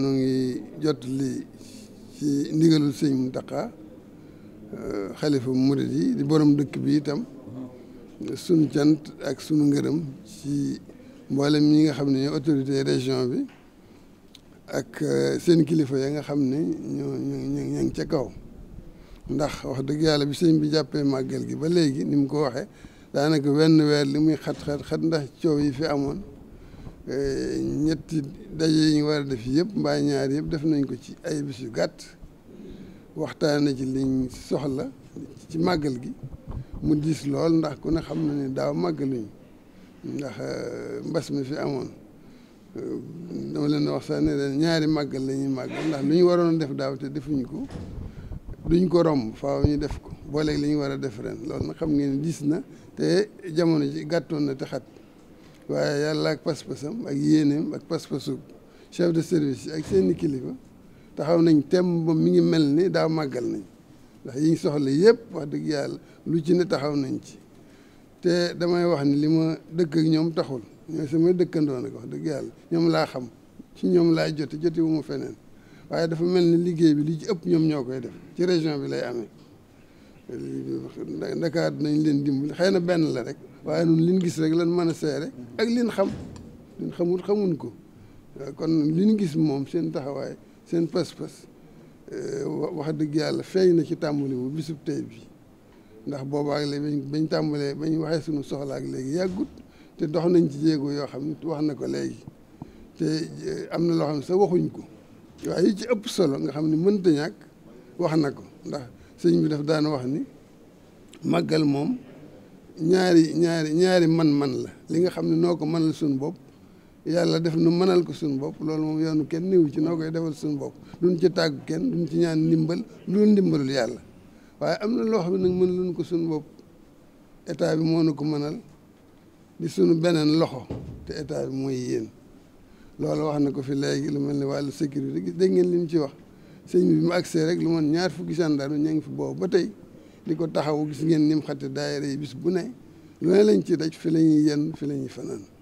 nu ngi jot li ci ndigalul sëñ Mountakha euh, xalifa murid yi di borom dëkk bi itam sunu cant ak sunu ngërëm ci mboolem ñi nga xam ne autorité région bi ak euh, seen kilifa ya nga xam ne ñoo ñoo ngi ca kaw ndax wax dëgg yàlla bi sëñ bi jàppee màggal gi ba léegi ni mu ko waxee daanaka wenn weer li muy xat-xat xat ndax coow yi fi amoon ñetti daje yi ñu war a def yëpp mbaa ñaar yëpp def nañ ko ci ay bis yu gàtt waxtaane ji liñ soxla ci màggal gi mu diis lool ndax ku ne xam ne ne daaw màggaluñu ndax euh, mbas mi fi amoon euh, dama leen wax sax ne leen ñaari màggal la ñuy màggal ndax lu ñu waroon def daaw te defuñu ko duñ ko romb faaw ñu def ko booleeg li war a def ren lool na xam ngeen diis na te jamono ji gàttoon na te xat waaye yàlla ak pas-pasam ak yéeneem ak pas-pasu chef de service ak seeni kilifa taxaw nañ tem ba mi ngi mel ni daa màggal nañ ndax yiñ soxla yëpp wax dëgg yàlla lu ci ne taxaw nañ ci te damay wax ni li ma dëkk ak ñoom taxul ñooy samay dëkkandoon ak wax dëgg yàlla ñoom laa xam ci ñoom laa jote jote wu ma feneen waaye dafa mel ni liggéey bi li ci ëpp ñoom ñoo koy def ci région bi lay amee ndakaat nañ leen dimbali xëy na benn la rek waaye ñun liñ gis rek lan mën a seere ak liñ xam liñ xamul xamuñ ko kon liñ gis moom seen taxawaay seen pas-pas euh, wax dëgg yàlla feeñ na ci tàmbali bu bisub tey bi ndax boobaag léegi bañ tàmbalee bañ waxee suñu soxlaak léegi yàggut te dox nañ ci jéego yoo xam ne wax na ko léegi te euh, am na loo xam ne waxuñ ko waaye yi ci ëpp solo nga xam ne mënta ñàkk wax na ko ndax sëñ bi daf daan wax ni màggal moom ñaari ñaari ñaari man-man la li nga xam ne noo ko mënal suñu bopp yàlla def nu mënal ko suñu bopp loolu moom yoonu kenn néewu ci noo koy defal suñu bopp duñ ci tàgg kenn duñ ci ñaan ndimbal lu ndimbalul yàlla waaye am na loo bi ne nag mën luñ ko suñu bopp état bi moo nu ko mënal di suñu beneen loxo te état bi mooy yéen loolu wax na ko fi léegi lu mel ni wàllu sécurité gi dégg ngeen li mu ci wax sëñ bi mu agsee rek lu man ñaar fukki gendarme ña ngi fi boobu ba tey di ko taxaw gis ngeen ni mu xate daayira yi bis bu ne lu ne lañ ci daj fi la ñuy yenn fi la ñuy fanaan